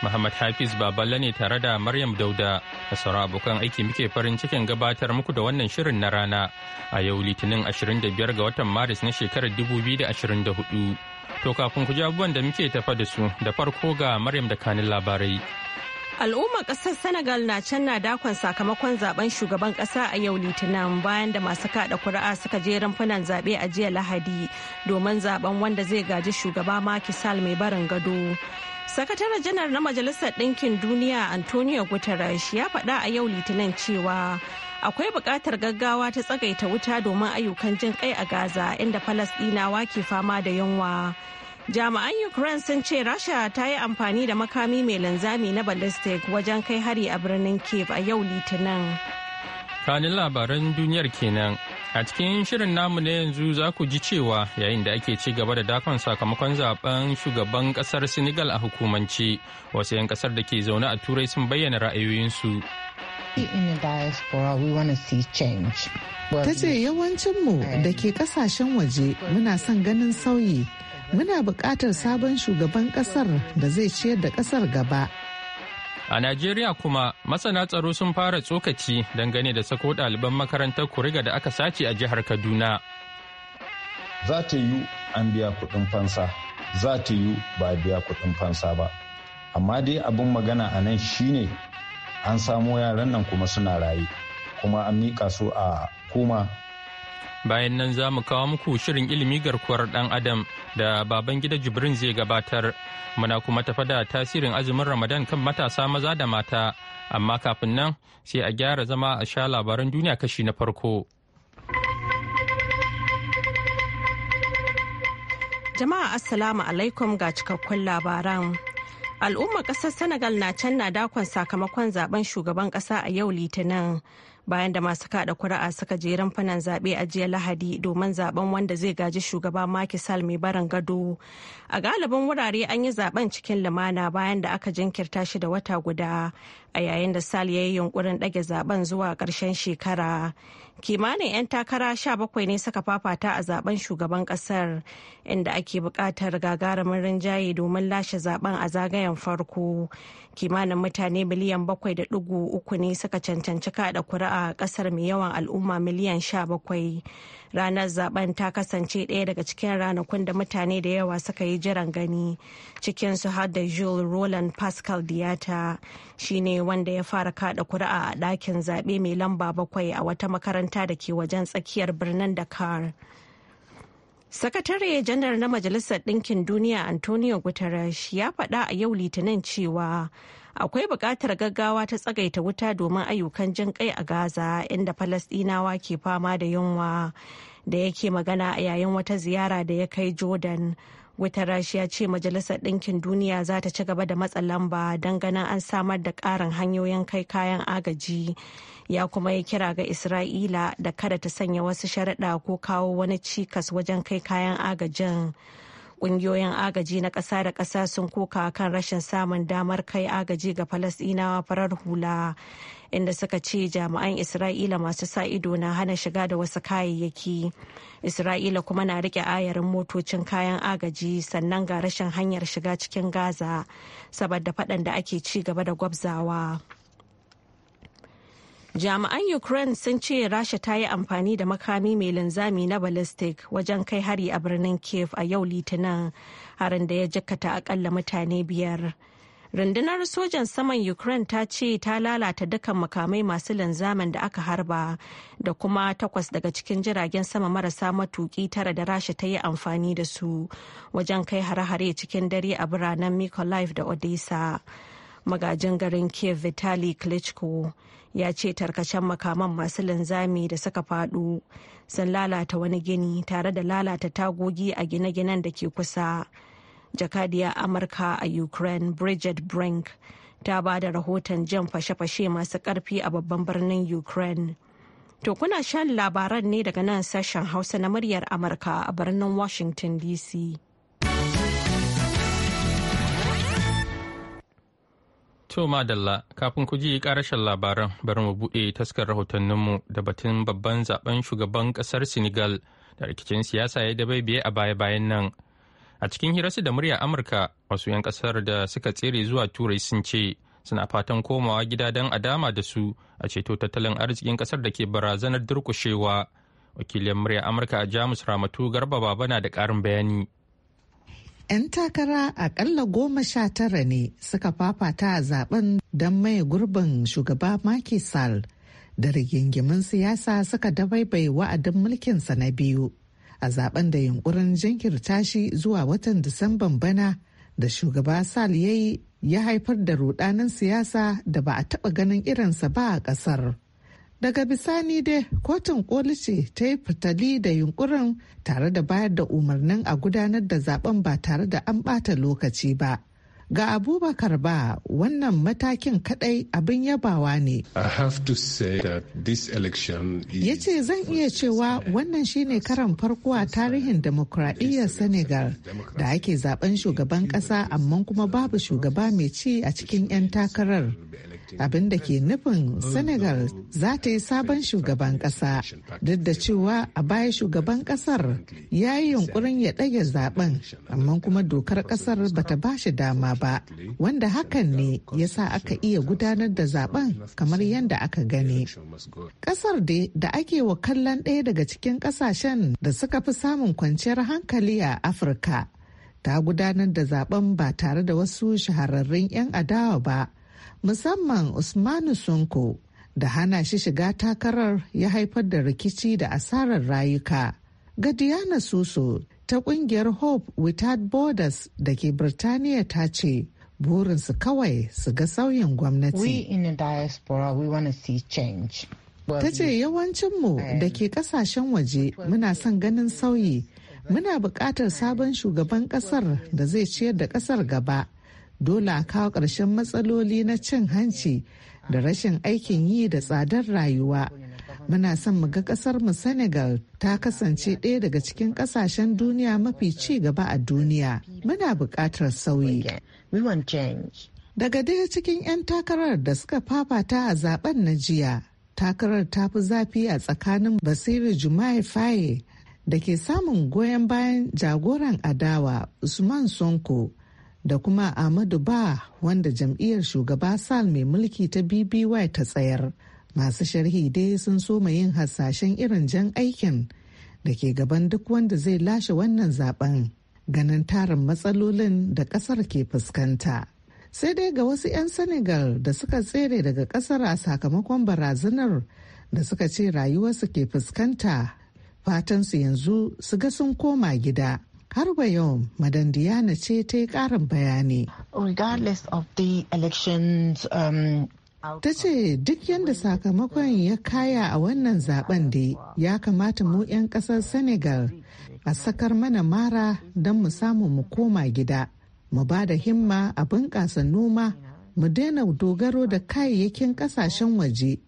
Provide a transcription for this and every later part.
Muhammad Hafiz Baballe ne tare da Maryam Dauda da sauran abokan aiki muke farin cikin gabatar muku da wannan shirin na rana a yau Litinin 25 ga watan Maris na shekarar 2024. To kafin ku ji abubuwan da muke tafa da su da farko ga Maryam da kanin labarai. Al'ummar ƙasar Senegal na can na dakon sakamakon zaben shugaban ƙasa a yau Litinin bayan da masu kaɗa kuri'a suka je rumfunan zaɓe a jiya Lahadi domin zaben wanda zai gaji shugaba Macky Sall mai barin gado. sakataren janar na majalisar ɗinkin duniya antonio guterres ya faɗa a yau litinin cewa akwai buƙatar gaggawa ta tsagaita wuta domin ayyukan jin kai a gaza inda Falasdinawa ke fama da yunwa jami'an ukraine sun ce rasha ta yi amfani da makami mai linzami na ballistic wajen kai hari a birnin kiev a yau litinin kanin labaran duniyar kenan A cikin shirin namu na yanzu za ku ji cewa yayin da ake ci gaba da dakon sakamakon zaben shugaban kasar Senegal a hukumance, wasu 'yan kasar da ke zaune a Turai sun bayyana ra'ayoyinsu. Ta ce yawancinmu da ke kasashen waje muna son ganin sauyi, muna buƙatar sabon shugaban kasar da zai ciyar da kasar gaba. A Najeriya kuma masana tsaro sun fara tsokaci dangane da sako ɗaliban makarantar kuriga da aka sace a jihar Kaduna. Za ta yi an biya kuɗin fansa, za ta yi ba biya kuɗin fansa ba. Amma dai abin magana a nan shine an samo yaran nan kuma suna raye, kuma an miƙa su a koma. Bayan nan za mu kawo muku shirin ilimi garkuwar ɗan Adam da baban gida Jibrin zai gabatar. Muna kuma tafa da tasirin azumin Ramadan kan matasa maza da mata. Amma kafin nan sai a gyara zama a sha labaran duniya kashi na farko. Jama'a Assalamu alaikum ga cikakkun labaran. Al'ummar ƙasar Senegal na can na dakon sakamakon zaben shugaban kasa a yau Litinin. bayan da masu kada kuri'a suka je rumfunan zaɓe a jiya lahadi domin zaben wanda zai gaji shugaba Macky Sall mai barin gado. A galibin wurare an yi zaben cikin lumana bayan da aka jinkirta shi da wata guda a yayin da sal ya yi yunkurin ɗage zaben zuwa ƙarshen shekara kimanin 'yan takara 17 ne suka fafata a zaben shugaban ƙasar inda ake buƙatar gagarumin rinjaye domin lashe zaben a zagayen farko kimanin mutane miliyan 7.3 ne suka cancanci kada kuri'a ƙasar mai yawan al'umma miliyan 17 ranar zaben ta kasance ɗaya daga cikin ranakun da mutane da yawa suka yi jiran gani cikinsu har da jules roland pascal diata shine wanda ya fara kada kuri'a a ɗakin zaɓe mai lamba bakwai a wata makaranta da ke wajen tsakiyar birnin dakar sakatare janar na majalisar ɗinkin duniya antonio guterres ya faɗa a yau litinin cewa akwai buƙatar gaggawa ta tsagaita wuta domin ayyukan jin kai a gaza inda falasɗinawa ke fama da yunwa da yake magana a yayin wata ziyara da ya kai jordan wata ya ce Majalisar Ɗinkin Duniya za ta ci gaba da matsa lamba don ganin an samar da ƙarin hanyoyin kai kayan agaji. Ya kuma yi kira ga Isra'ila da kada ta sanya wasu sharaɗa ko kawo wani cikas wajen kai kayan agajin. Ƙungiyoyin agaji na ƙasa da ƙasa sun koka kan rashin samun damar kai agaji ga Falasɗinawa farar hula, inda suka ce jami'an Isra'ila masu sa ido na hana shiga da wasu kayayyaki. Isra'ila kuma na rike ayarin motocin kayan agaji sannan ga rashin hanyar shiga cikin Gaza, saboda faɗan da ake ci gaba da gwabzawa. jami'an ukraine sun ce rasha ta yi amfani da makami mai linzami na ballistic wajen kai hari a birnin kiev a yau litinin harin da ya jikkata akalla mutane biyar rundunar sojan saman ukraine ta ce ta lalata dukkan makamai masu linzamin da aka harba da kuma takwas daga cikin jiragen sama marasa matuki tara da rasha ta yi amfani da su wajen kai hare-hare cikin dare a biranen mykolaiv da odessa magajin garin kiev vitali klitschko ya ce tarkacen makaman masu linzami da suka fadu sun lalata wani gini tare da lalata tagogi a gine-ginen da ke kusa jakadiya amurka a ukraine bridget brink ta ba da rahoton jan fashe-fashe masu karfi a babban birnin ukraine to kuna shan labaran ne daga nan sashen hausa na muryar amurka a birnin washington dc To Madalla, kafin ku ji karashen labaran bari mu buɗe taskar rahotanninmu da batun babban zaben shugaban ƙasar Senegal da rikicin siyasa ya dabaibaye a baya-bayan nan. A cikin hirarsu da murya Amurka, wasu 'yan ƙasar da suka tsere zuwa Turai sun ce suna fatan komawa gida don a dama da su a ceto tattalin arzikin ƙasar da ke barazanar durkushewa Wakilin murya Amurka a Jamus Ramatu Garba Baba na da ƙarin bayani. 'yan takara akalla goma sha tara ne suka fafata a zaben don maye gurbin shugaba maki sal da rigingimin siyasa suka dabaibai wa'adin mulkinsa na biyu a zaben da yunkurin jinkirta shi zuwa watan Disamban bana da shugaba sal ya yi ya haifar da rudanin siyasa da ba a taɓa ganin irinsa ba a ƙasar. daga bisani dai kotun koli ce ta yi fitali da yunkurin tare da bayar da umarnin a gudanar da zaben ba tare da an bata lokaci ba ga abubakar ba wannan matakin kadai abin yabawa ne ya ce zan iya cewa wannan shine karan farko a tarihin demokuraɗiyyar senegal da ake zaben shugaban ƙasa amma kuma babu shugaba mai ci a cikin 'yan takarar abin da ke nufin Senegal za ta yi sabon shugaban kasa duk da cewa a baya shugaban kasar ya yi yunkurin ya ɗage zaben amma kuma dokar kasar ba ta ba shi dama ba wanda hakan ne ya sa aka iya gudanar da zaben kamar yadda aka gani. Ƙasar da ake wa kallon ɗaya daga cikin ƙasashen da suka fi samun kwanciyar hankali a Afirka. ta gudanar da zaben ba tare da wasu shahararrun 'yan adawa ba musamman Usmanu Sunko da hana shi shiga takarar ya haifar da rikici da asarar rayuka. Gadiyana Suso ta kungiyar Hope Without Borders da ke Birtaniya ta ce burinsu kawai su ga sauyin gwamnati. We in change. Ta ce yawancinmu da ke kasashen waje muna son ganin sauyi muna buƙatar sabon shugaban ƙasar da zai ciyar da ƙasar gaba dole a kawo ƙarshen matsaloli na cin hanci da rashin aikin yi da tsadar rayuwa muna son mu ga kasar mu senegal ta kasance ɗaya daga cikin ƙasashen duniya mafi ci gaba a duniya muna buƙatar sauyi daga daya cikin 'yan takarar da suka fafata a zaben na jiya takarar ta fi zafi a tsakanin basiru jumai faye da ke samun goyon bayan jagoran adawa usman sonko da kuma Ahmadu Ba wanda jam'iyyar shugaba Sal mai mulki ta BBY ta tsayar. Masu sharhi dai sun soma yin hasashen irin jan aikin da ke gaban duk wanda zai lashe wannan zaben ganin tarin matsalolin da kasar ke fuskanta. Sai dai ga wasu 'yan Senegal da suka tsere daga kasar a sakamakon barazanar da suka ce rayuwarsu ke fuskanta fatansu yanzu su ga sun koma gida. Harba yau Madan Diana ce ta yi ƙarin bayani. Regardless of the elections um, ta ce duk yadda sakamakon ya kaya a wannan zaben da ya kamata mu 'yan kasar senegal a sakar mana mara don mu samu mu koma gida mu ba da himma a bunƙasa noma mu daina dogaro da kayayyakin kasashen waje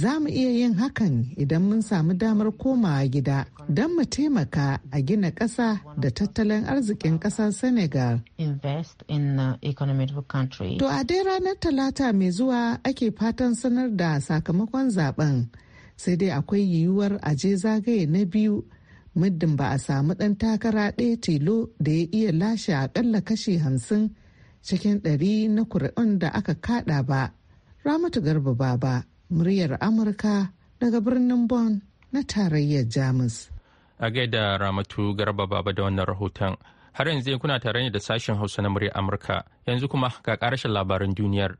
za mu iya yin hakan idan mun samu damar komawa gida don mu taimaka a gina ƙasa da tattalin arzikin ƙasar Senegal. Uh, to a dai ranar Talata mai zuwa ake fatan sanar da sakamakon zaben sai dai akwai yiwuwar aje zagaye na biyu muddin ba a samu ɗan takara ɗaya tilo da ya iya lashe aƙalla kashi hamsin cikin ɗari na kuri'un da aka kaɗa ba. Ramatu Garba ba. muryar Amurka daga birnin Bonn na tarayyar Jamus. A gaida Ramatu Garba Baba da wannan rahoton. Har yanzu kuna tare ne da sashen Hausa na muryar Amurka. Yanzu kuma ga ƙarashin labaran duniyar.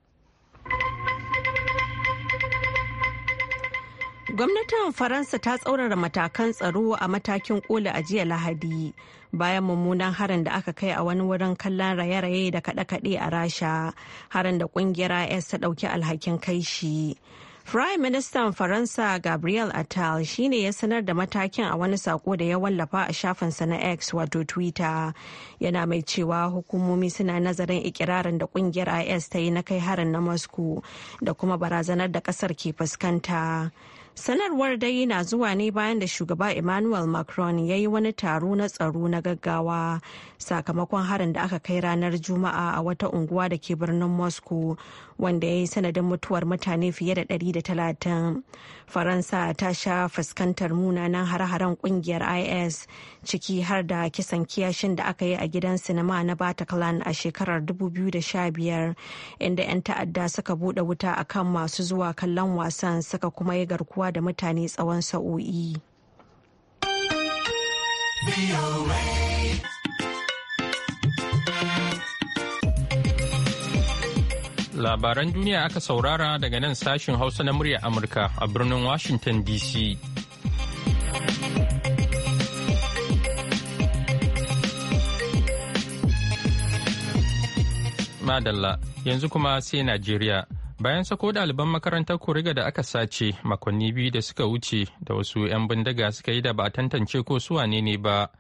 Gwamnatin Faransa ta tsaurara matakan tsaro a matakin kola a jiya Lahadi bayan mummunan harin da aka kai a wani wurin kallon raye-raye da kaɗe-kaɗe a Rasha, harin da ƙungiyar IS ta ɗauki alhakin kai shi. Prime Minister Faransa Gabriel Attal shine ya sanar da matakin a wani sako da ya wallafa a shafinsa na X wato Twitter. Yana mai cewa hukumomi suna nazarin ikirarin da kungiyar IS ta yi na kai harin na Moscow da kuma barazanar da kasar ke fuskanta. Sanarwar dai na zuwa ne bayan da shugaba Emmanuel Macron ya yi wani taro na tsaro na gaggawa sakamakon harin da aka kai ranar Juma'a a wata unguwa da ke birnin Moscow wanda ya yi sanadin mutuwar mutane fiye da 130 faransa ta sha fuskantar munanan har haren kungiyar is ciki har da kisan kiyashin da aka yi a gidan sinima na bataclan a shekarar 2015 inda 'yan ta'adda suka bude wuta a kan masu zuwa kallon wasan suka kuma yi garkuwa da mutane tsawon sa'o'i. Labaran duniya aka saurara daga nan sashin Hausa na murya Amurka a birnin Washington DC. Madalla yanzu kuma sai Najeriya. Bayan sako ɗaliban makarantar kuriga da aka sace makonni biyu da suka wuce da wasu 'yan bindiga suka yi da ba a tantance ko suwa ne ba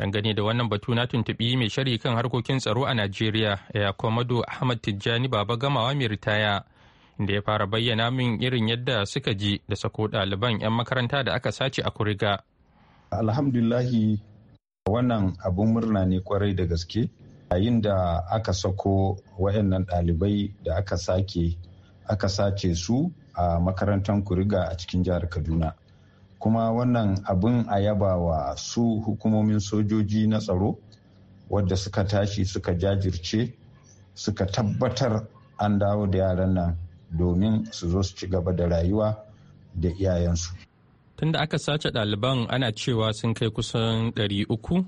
dangane da wannan batu na tuntuɓi mai shari kan harkokin tsaro a najeriya ya komado ahmad tijjani baba gamawa mai ritaya da ya fara bayyana min irin yadda suka ji da sako ɗaliban 'yan makaranta da aka sace a kuriga alhamdulahi wannan abun murna ne kwarai da gaske yayin da aka sako wayannan ɗalibai da aka sake aka sace su a makarantar kuriga a cikin jihar kaduna kuma wannan abin a yaba wa su hukumomin sojoji na tsaro wadda suka tashi suka jajirce suka tabbatar an dawo da yaran nan domin su zo su ci gaba da rayuwa da iyayensu tunda aka sace ɗaliban ana cewa sun kai kusan 300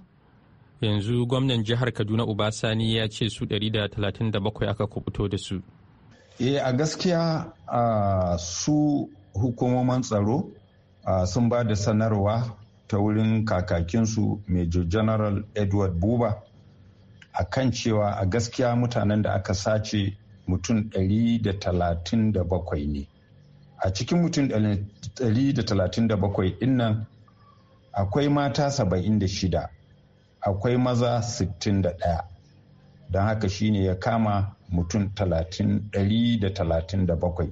yanzu gwamnan jihar kaduna ubasani ya ce su 137 aka kubuto da su e a gaskiya su hukumomin tsaro Ah, sun ba da sanarwa ta wurin kakakinsu major general edward buba a kan cewa a gaskiya mutanen da aka sace mutum 137 ne a cikin mutum 137 nan akwai mata 76 akwai maza 61 don haka shine ya kama mutum 137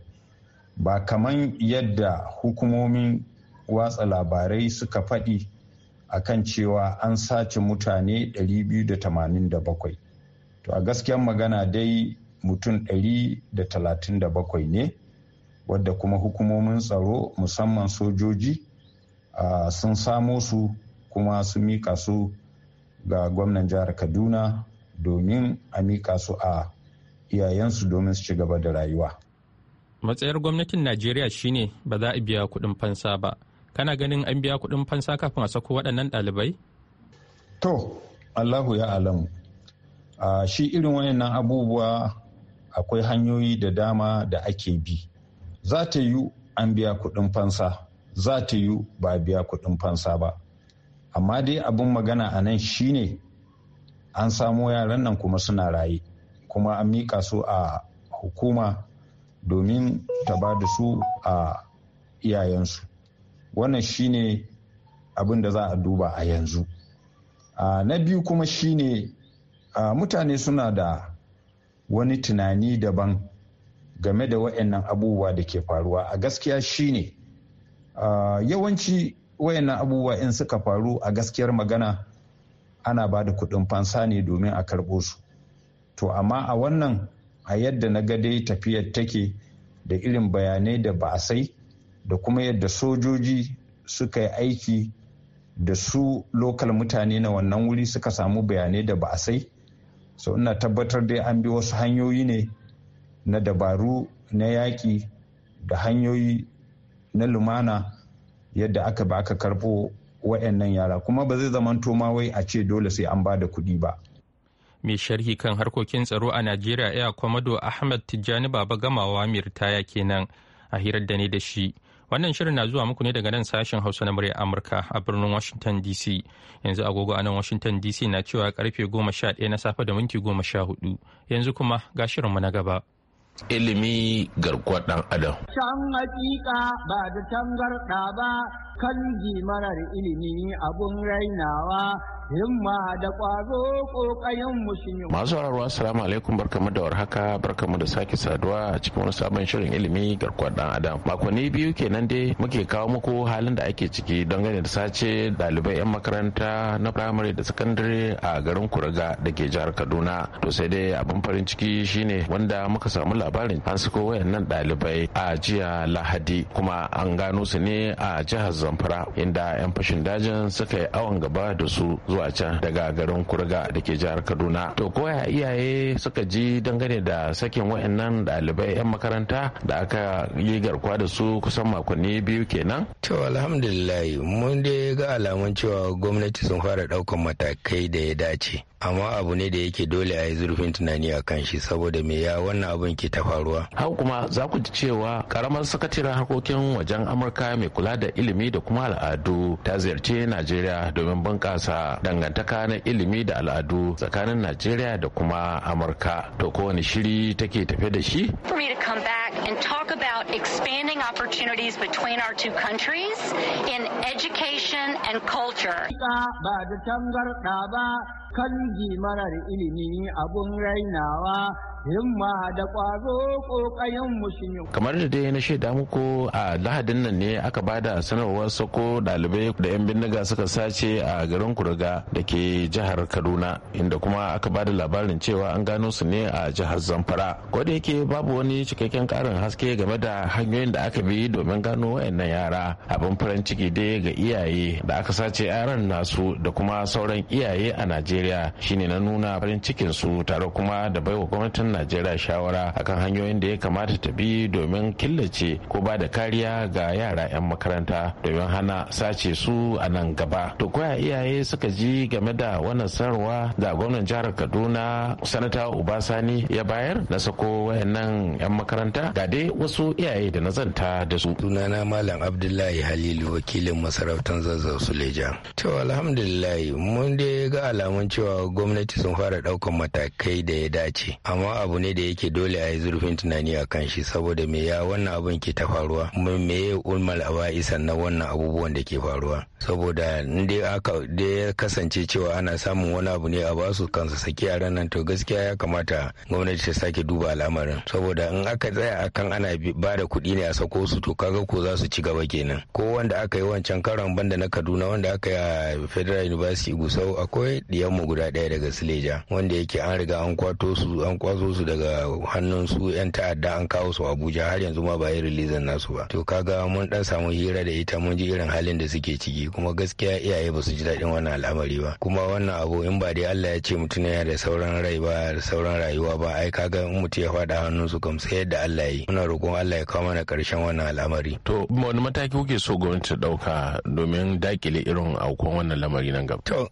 ba kaman yadda hukumomin watsa labarai suka faɗi a kan cewa an sace mutane 287 to a gaskiyar magana dai mutum 137 ne wadda kuma hukumomin tsaro musamman sojoji sun samo su kuma su mika su ga gwamnan jihar kaduna domin a mika su a iyayensu domin su ci gaba da rayuwa matsayar gwamnatin najeriya shine ba za a biya kuɗin fansa ba kana ganin an biya kuɗin fansa kafin a sako waɗannan ɗalibai? to allahu ya alamu uh, shi irin wayannan abubuwa akwai hanyoyi da dama da ake bi za ta yi an biya kuɗin fansa za ta yi ba biya kuɗin fansa ba amma dai abin magana a nan shine an samo yaran nan kuma suna raye kuma an miƙa su a hukuma domin ta ba da su a iyayensu wannan shine abin da za a duba a yanzu na biyu kuma shi shine mutane suna da wani tunani daban game da wayannan abubuwa da ke faruwa a gaskiya shine yawanci wayannan abubuwa in suka faru a gaskiyar magana ana ba da kudin fansa ne domin a karɓo su to amma a wannan a yadda na ga dai tafiyar take da irin bayanai da ba sai da kuma yadda sojoji suka yi aiki da su lokal mutane na wannan wuri suka samu bayanai da ba a sai so ina tabbatar dai an bi wasu hanyoyi ne na dabaru na yaƙi da hanyoyi na lumana yadda aka ba aka karbo wa'annan yara kuma ba zai zamanto ma wai a ce dole sai an ba da kuɗi ba mai sharhi kan harkokin tsaro a najeriya ya kwamado ahmad tijjani baba gamawa mirtaya kenan a hirar da ne da shi Wannan shirin na zuwa muku ne daga nan sashen Hausa na murya Amurka a birnin Washington DC. Yanzu agogo a nan Washington DC na cewa karfe goma sha 11 na safe da minti goma sha hudu Yanzu kuma ga shirinmu na gaba. Ilimi garkuwar ɗan adam. Can hakika ba da tangarɗa ba kanji marar ilimi abun rainawa himma da ƙwazo ƙoƙayen musulmi. Masu sauraro assalamu alaikum barkamu da warhaka barkamu da sake saduwa a cikin wani sabon shirin ilimi garkuwar dan adam. Makonni biyu kenan dai muke kawo muku halin da ake ciki don gane da sace ɗalibai 'yan makaranta na firamare da sakandare a garin Kuraga da ke jihar Kaduna. To sai dai abin farin ciki shine wanda muka samu labarin an sako wayannan ɗalibai a jiya Lahadi kuma an gano su ne a jihar zamfara inda 'yan fashin dajin suka yi awon gaba da su zuwa can daga garin kurga da ke jihar kaduna to koya iyaye suka ji dangane da sakin wayannan ɗalibai 'yan makaranta da aka yi garkuwa da su kusan makonni biyu kenan to alhamdulillah mun dai ga alamun cewa gwamnati sun fara ɗaukan matakai da ya dace amma abu ne da yake dole a yi zurfin tunani a kan shi saboda me ya wannan abin ke ta faruwa. Hau kuma za ku ji cewa karamar sakataren harkokin wajen Amurka mai kula da ilimi da da kuma al'adu ta ziyarci najeriya domin bunƙasa dangantaka na ilimi da al'adu tsakanin najeriya da kuma amurka to kowane shiri take tafe da shi back and talk about expanding opportunities between our two countries in education and culture. ba da tangarɗa ba kan marar ilimi abun rainawa himma da ƙwazo ƙoƙayen mushin kamar da dai na shaida muku a lahadin nan ne aka bada sanarwar sako ɗalibai da 'yan bindiga suka sace a garin kuriga da ke jihar kaduna inda kuma aka bada labarin cewa an gano su ne a jihar zamfara ko da yake babu wani cikakken tsarin haske game da hanyoyin da aka bi domin gano wayannan yara abin farin ciki dai ga iyaye da aka sace yaran nasu da kuma sauran iyaye a najeriya shine na nuna farin cikin su tare kuma da baiwa gwamnatin najeriya shawara akan hanyoyin da ya kamata ta bi domin killace ko ba da kariya ga yara 'yan makaranta domin hana sace su a nan gaba to koya iyaye suka ji game da wannan sanarwa da gwamnan jihar kaduna sanata ubasani ya bayar na sako wayannan 'yan makaranta ga dai wasu iyaye da na zanta da su. Sunana Malam Abdullahi Halilu wakilin masarautar zazzau Suleja. To alhamdulillah mun dai ga alamun cewa gwamnati sun fara daukan matakai da ya dace amma abu ne da yake dole a yi zurfin tunani a kan shi saboda me ya wannan abun ke ta faruwa me ya ulmal isan na wannan abubuwan da ke faruwa saboda dai aka ya kasance cewa ana samun wani abu ne a basu kansu saki a ranar to gaskiya ya kamata gwamnati ta sake duba al'amarin saboda in aka tsaya akan ana ba da kuɗi ne a sako su to kaga ko za su ci gaba kenan ko wanda aka yi wancan karon banda na kaduna wanda aka yi a federal university gusau akwai diyanmu guda ɗaya daga sileja wanda yake an riga an kwato su an kwaso su daga hannun su yan ta'adda an kawo su abuja har yanzu ma ba yi rilizan nasu ba to kaga mun dan samu hira da ita mun ji irin halin da suke ciki kuma gaskiya iyaye ba su ji daɗin wannan al'amari ba kuma wannan abu in ba dai allah ya ce mutum yana da sauran rai ba da sauran rayuwa ba ai kaga in mutum ya faɗa hannun su kam sai yadda allah yayi muna roƙon Allah ya kawo mana ƙarshen wannan al'amari to wani mataki kuke so gwamnati ta dauka domin dakile irin aukon wannan lamari nan gaba to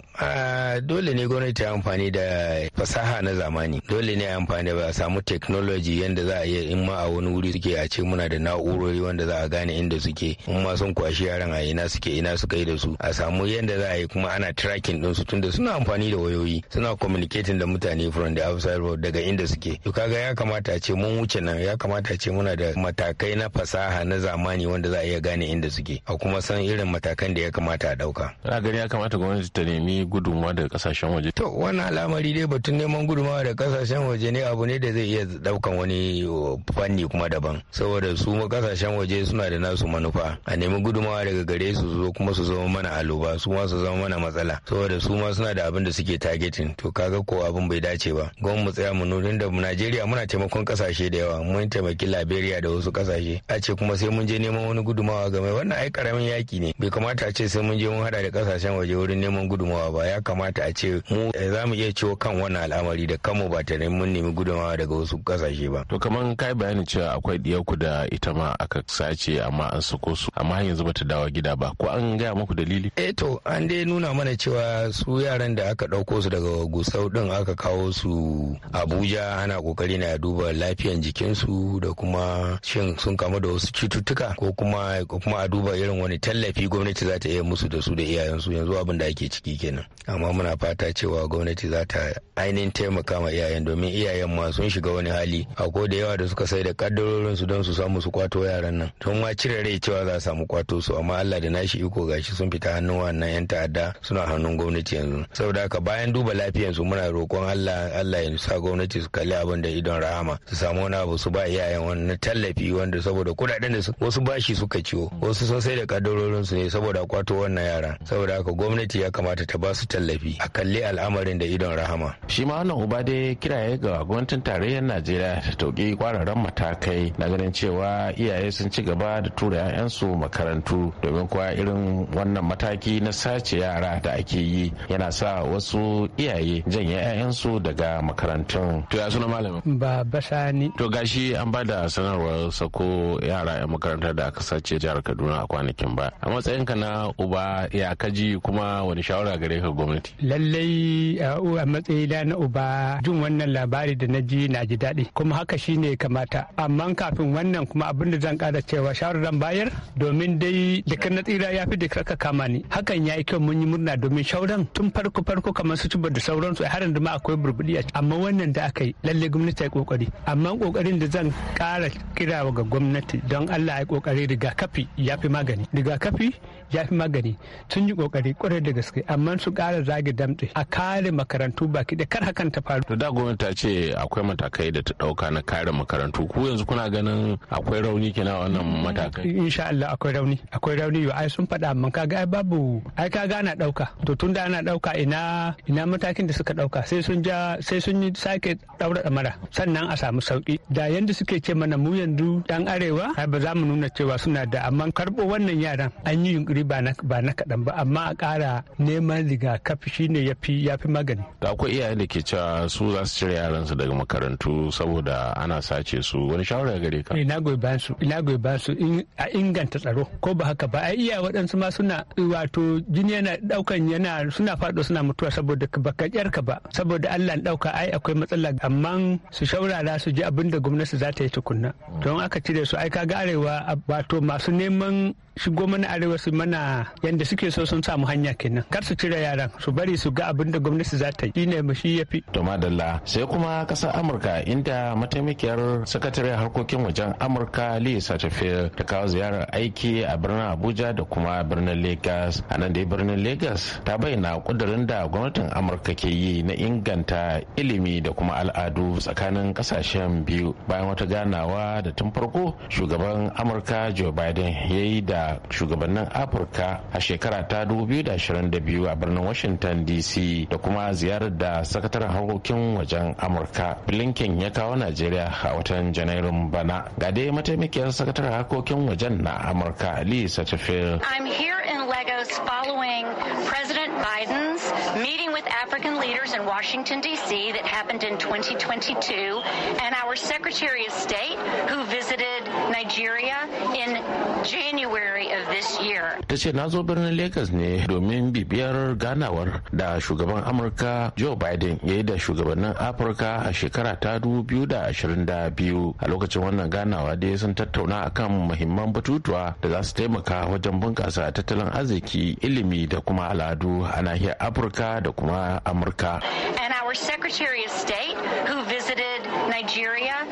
dole ne gwamnati ta amfani da fasaha na zamani dole ne amfani da a samu technology yanda za a iya in ma a wani wuri suke a ce muna da na'urori wanda za a gane inda suke in ma sun kwashi yaran a ina suke ina suka yi da su a samu yanda za a yi kuma ana tracking din su tunda suna amfani da wayoyi suna communicating da mutane from the outside world daga inda suke to kaga ya kamata a ce mun wuce nan ya kamata a ce muna da matakai na fasaha na zamani wanda za a iya gane inda suke a kuma san irin matakan da ya kamata a dauka na gani ya kamata gwamnati ta nemi gudunmawa daga kasashen waje to wannan al'amari dai batun neman gudunmawa daga kasashen waje ne abu ne da zai iya daukan wani uh, fanni kuma daban saboda su kasashen waje suna da nasu manufa a nemi gudunmawa daga gare su zo kuma su zama mana aloba su ma su zama mana matsala saboda su ma suna da abin da suke targeting to kaga ko abin bai dace ba gwamnati mu tsaya mu nurin da Najeriya muna taimakon kasashe da yawa mun bakin liberia da wasu kasashe a ce kuma sai mun je neman wani gudumawa game wannan ai karamin yaki ne bai kamata a ce sai mun je mun hada da kasashen waje wurin neman gudumawa ba ya kamata a ce mu eh, za mu iya ciwo kan wannan al'amari da kanmu ba tare mun nemi gudumawa daga wasu kasashe ba to kamar kai bayani cewa akwai diyarku da ita ma aka sace amma an sako su amma har yanzu bata dawo gida ba ko an gaya muku dalili eh to an dai nuna mana cewa su yaran da aka ɗauko su daga gusau din aka kawo su abuja ana kokari na duba lafiyan jikinsu da kuma shin sun kamu da wasu cututtuka ko kuma kuma a duba irin wani tallafi gwamnati za ta iya musu da su da iyayensu yanzu abin da ake ciki kenan amma muna fata cewa gwamnati za ta ainihin taimaka ma iyayen domin iyayen ma sun shiga wani hali a ko da yawa da suka sai da kaddarorin su don su samu su kwato yaran nan don ma cire rai cewa za a samu kwato su amma Allah da nashi iko gashi sun fita hannun wannan yan ta'adda suna hannun gwamnati yanzu saboda haka bayan duba lafiyarsu muna roƙon Allah Allah ya sa gwamnati su kalli abin da idon rahama su samu wani abu su ba iyayen kayan wani tallafi wanda saboda kudaden da wasu bashi suka ciwo wasu sun sai da kadarorin su ne saboda kwato wannan yaran saboda haka gwamnati ya kamata ta ba su tallafi a kalli al'amarin da idon rahama shi ma wannan uba dai kiraye ga gwamnatin tarayyar najeriya ta tauki kwararren matakai na ganin cewa iyaye sun ci gaba da tura 'ya'yansu makarantu domin kuwa irin wannan mataki na sace yara da ake yi yana sa wasu iyaye janye 'ya'yansu daga makarantun to ya suna malamin ba basani to gashi an ba ba da sanarwar sako yara 'yan makarantar da aka sace jihar kaduna a kwanakin ba a ka na uba ya kaji kuma wani shawara gare ka gwamnati lallai uh, a da na uba jin wannan labari da na ji na ji daɗi kuma haka shi ne kamata amma kafin wannan kuma abin da zan ƙara cewa shawarar zan bayar domin dai da na tsira ya fi da ka kama ni hakan ya yi kyau mun yi murna domin shauran tun farko farko kamar su tuba da sauransu a harin da ma akwai burbuɗi amma wannan da aka yi lallai gwamnati ta yi kokari amma kokarin da zan kara kira ga gwamnati don allah ya kokari rigakafi ya fi magani rigakafi ya fi magani sun yi kokari kwarai da gaske amma su kara zage damtse a kare makarantu baki da kar hakan ta faru. da gwamnati ta ce akwai matakai da ta ɗauka na kare makarantu ku yanzu kuna ganin akwai rauni kina wannan matakai. insha allah akwai rauni akwai rauni yau ai sun faɗa amma kaga ai babu ai kaga ana ɗauka to tun da ana ɗauka ina ina matakin da suka ɗauka sai sun ja sai sun yi sake da mara sannan a samu sauki da yanda suke zai ce mana mu yanzu dan arewa ba za mu nuna cewa suna da amma karɓo wannan yaran an yi yunkuri ba na kaɗan ba amma a ƙara neman rigakafi shine yafi yafi ya fi magani. da akwai iyaye da ke cewa su za su cire yaransu daga makarantu saboda ana sace su wani shawara gare ka. ina eh, goyi bayan su ina goyi bayan su a inganta tsaro ko ba haka ba ai iya waɗansu ma suna wato jini yana ɗaukan yana suna faɗo suna mutuwa saboda baka ka ba saboda Allah ɗauka ai akwai matsala amma su shaurara su ji abin da gwamnati za ta yi tukunna don aka cire su ai kaga arewa wato masu neman shigo mana arewa su mana yadda suke so sun samu hanya kenan kar su cire yaran su bari su ga abin da gwamnati za ta yi ne mashi shi fi. to madalla sai kuma kasar amurka inda mataimakiyar sakatare harkokin wajen amurka lisa tafiya ta kawo ziyarar aiki a birnin abuja da kuma birnin lagos a nan dai birnin lagos ta bayyana kudirin da gwamnatin amurka ke yi na inganta ilimi da kuma al'adu tsakanin kasashen biyu bayan wata ganawa da tun farko shugaban amurka joe biden ya yi da shugabannin afirka a shekara ta 2022 a birnin washington dc da kuma ziyarar da sakataren harkokin wajen amurka blinken ya kawo najeriya a watan janairun bana ga dai mataimakiyar sakataren harkokin wajen na amurka lee satterfield i'm here in Lagos, following President Biden's meeting with African leaders in Washington, D.C., that happened in 2022, and our Secretary of State, who visited Nigeria in January of this year. Ta ce, na zo birnin Legas ne domin bibiyar ganawar da shugaban Amurka Joe Biden ya yi da shugabannin Afirka a shekara ta 2022. A lokacin wannan ganawa dai sun tattauna akan muhimman batutuwa da za su taimaka wajen bunƙasa tattalin arziki ilimi da kuma al'adu a nahiyar afirka da kuma amurka and our secretary of state who visited nigeria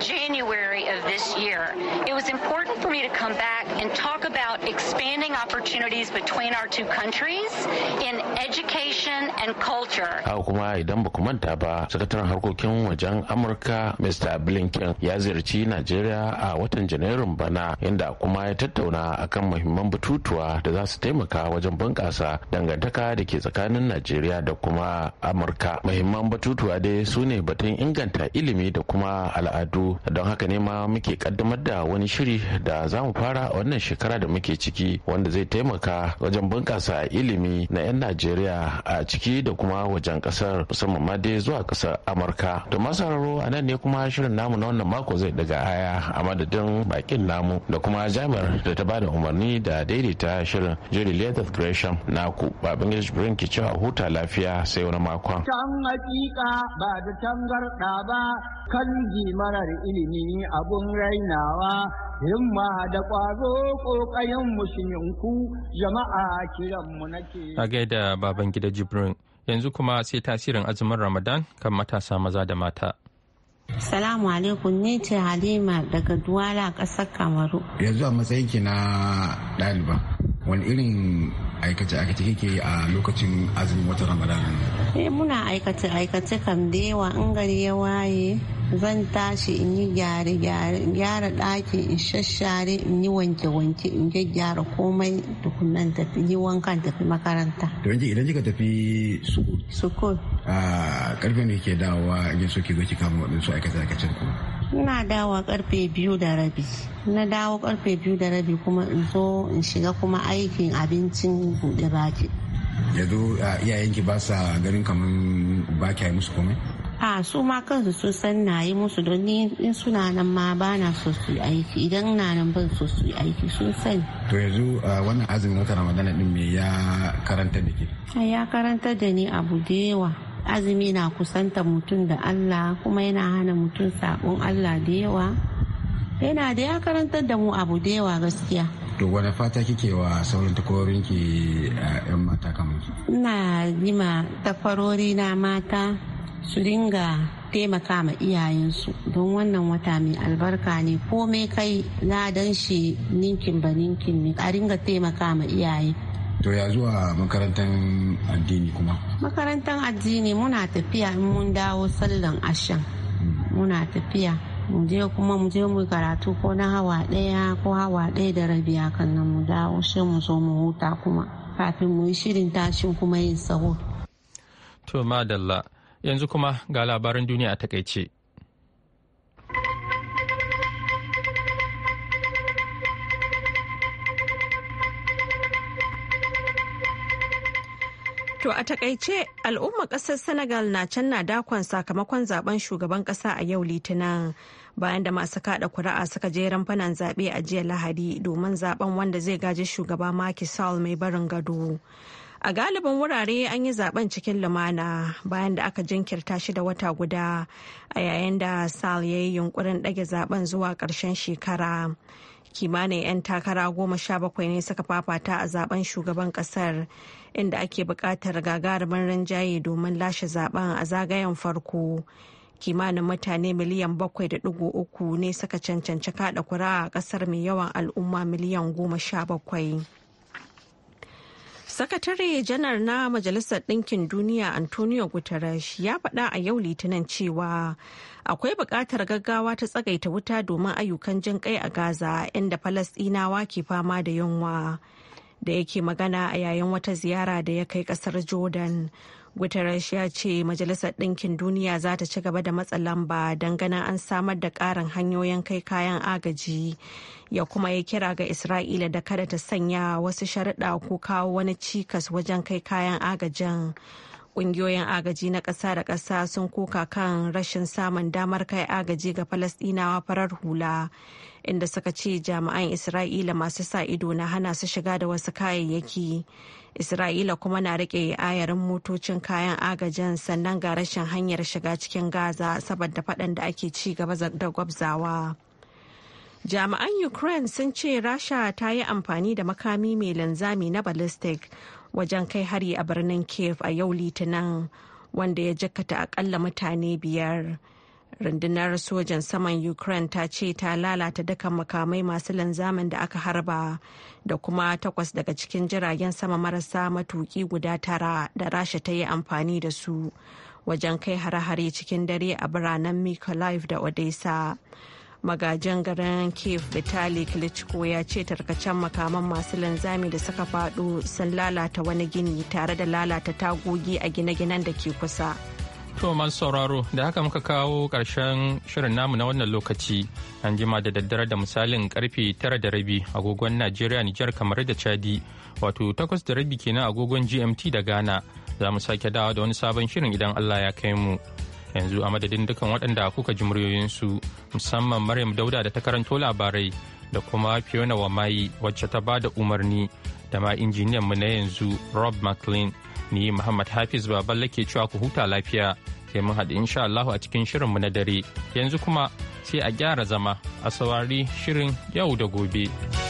January of this year, it was important for me to come back and talk about expanding opportunities between our two countries in education and culture. Haka kuma idan ba manta ba, sakataren harkokin wajen Amurka Mr. Blinken ya ziyarci Najeriya a watan Janairun bana inda kuma ya tattauna akan muhimman batutuwa da za su taimaka wajen bunƙasa dangantaka da ke tsakanin Najeriya da kuma Amurka. Muhimman batutuwa dai su ne batun inganta ilimi da kuma al'adu don haka ne ma muke kaddamar da wani shiri da za mu fara wannan shekara da muke ciki wanda zai taimaka wajen bunƙasa ilimi na 'yan najeriya a ciki da kuma wajen kasar musamman ma dai zuwa kasar amurka to masararo a nan ne kuma shirin namu na wannan mako zai daga aya a madadin bakin namu da kuma jami'ar da ta bada umarni da daidaita shirin jiri leather gresham naku babin yajibirin ki cewa huta lafiya sai wani makon. can hakika ba da tangarɗa ba kanji marar ilimi abun rainawa himma da ƙwazo ƙoƙayen musulminku jama'a kiranmu nake. A gaida baban gida Jibrin yanzu kuma sai tasirin azumin Ramadan kan matasa maza da mata. Salamu alaikum ne ce Halima daga Duwala ƙasar Kamaru. Yanzu a matsayin ki na ɗaliba. Wani irin aikace aikace kike yi a lokacin azumin watan ramadan eh muna aikace aikace kam da yawa in gari ya waye zan tashi in yi gyare gyare gyara ɗakin in shashare in yi wanke wanke in gyara komai tukunan tafi yi wankan tafi makaranta to idan kika tafi sukul sukul a karfe ne ke dawowa in so ki zo ki kama waɗansu aikace aikacen ku ina dawa karfe biyu da rabi na dawo karfe biyu da rabi kuma in zo in shiga kuma aikin abincin buɗe baki yanzu iyayenki ba sa ganin kamar ba kya musu komai a su ma kansu sun san na yi musu don ni in suna nan ma ba na so su yi aiki idan na nan ban so su yi aiki sun sani to yanzu wannan azumin wata ramadana din me ya karanta da ke ya karanta da ni abu da yawa azumi na kusanta mutum da allah kuma yana hana mutum sabon allah da yawa yana da ya karantar da mu abu da yawa gaskiya to wani fata kike wa sauran takwarorin ki yan mata kamar ki ina yi ma tafarori na mata su dinga taimaka ma iyayensu don wannan wata mai albarka ne komai kai ladan shi ninkin ba ninkin ne a ringa taimaka ma iyaye to ya zuwa makarantar addini kuma makarantar addini muna tafiya in mun dawo sallan ashan muna tafiya mu je kuma mu je mu karatu ko na hawa ɗaya ko hawa ɗaya da rabi kan nan mu dawo shi mu zo mu huta kuma kafin mu yi shirin tashin kuma yin sahur to madalla yanzu kuma ga labaran duniya a takaice To a takaice al'ummar ƙasar Senegal na can na dakon sakamakon zaben shugaban ƙasa a yau litinin bayan da masu kada kuri'a suka je ramfanan zaɓe a jiya lahadi domin zaben wanda zai gaji shugaba Macky Sall mai barin gado. A galibin wurare an yi zaben cikin lumana bayan da aka jinkirta shi da wata guda a yayin da Sall ya yi yunkurin ɗage zaben zuwa ƙarshen shekara. kimanin 'yan takara goma sha bakwai ne suka fafata a zaben shugaban kasar inda ake buƙatar gagarumin rinjaye domin lashe zaben a zagayen farko kimanin mutane miliyan bakwai da dugu uku ne suka cancanci kada kura a kasar mai yawan al'umma miliyan goma sha bakwai. Sakatare janar na Majalisar Ɗinkin Duniya Antonio Guterres ya faɗa a yau Litinin cewa akwai buƙatar gaggawa ta tsagaita wuta domin ayyukan jin kai a Gaza inda Falasɗinawa ke fama da yunwa. Da yake magana a yayin wata ziyara da ya kai ƙasar Jordan. Guterres ya ce Majalisar Ɗinkin Duniya za ta ci gaba da matsa lamba ganin an samar da ƙarin hanyoyin kai kayan agaji ya kuma ya kira ga Isra'ila da kada ta sanya wasu sharaɗa ko kawo wani cikas wajen kai kayan agajin. Ƙungiyoyin agaji na ƙasa da ƙasa sun koka kan rashin samun damar kai agaji ga Falasɗinawa farar hula inda suka ce jami'an Isra'ila masu sa ido na hana su shiga da wasu kayayyaki. isra'ila kuma na rike ayarin motocin kayan agajin sannan ga rashin hanyar shiga cikin gaza saboda faɗan da ake ci gaba da gwabzawa jami'an ukraine sun ce rasha ta yi amfani da makami mai linzami na ballistic wajen kai hari a birnin kiev a yau litinin wanda ya jikkata akalla mutane biyar. rundunar sojan saman ukraine ta ce ta lalata dukkan makamai masu linzamin da aka harba da kuma takwas daga cikin jiragen sama marasa matuki guda tara da rasha ta yi amfani da su wajen kai hare-hare cikin dare a biranen mykolaiv da odessa magajin garin kiev vitali klitschko ya ce tarkacen makaman masu linzami da suka faɗo sun lalata wani gini tare da lalata tagogi a gine-ginen da ke kusa. To masu sauraro da haka muka kawo ƙarshen shirin namu na wannan lokaci an jima da daddare da misalin karfe tara da rabi agogon Najeriya Nijar kamar da Chadi wato takwas da rabi kenan agogon GMT da Ghana za mu sake dawa da wani sabon shirin idan Allah ya kai mu. Yanzu a madadin dukan waɗanda kuka ji muryoyinsu musamman Maryam Dauda da ta karanto labarai da kuma Fiona Wamai wacce ta bada umarni da ma mu na yanzu Rob McLean. Ni Muhammad Hafiz Baballe ke cewa ku huta lafiya sai mun haɗu insha Allahu a cikin shirin mu na dare. Yanzu kuma sai a gyara zama a saurari shirin yau da gobe.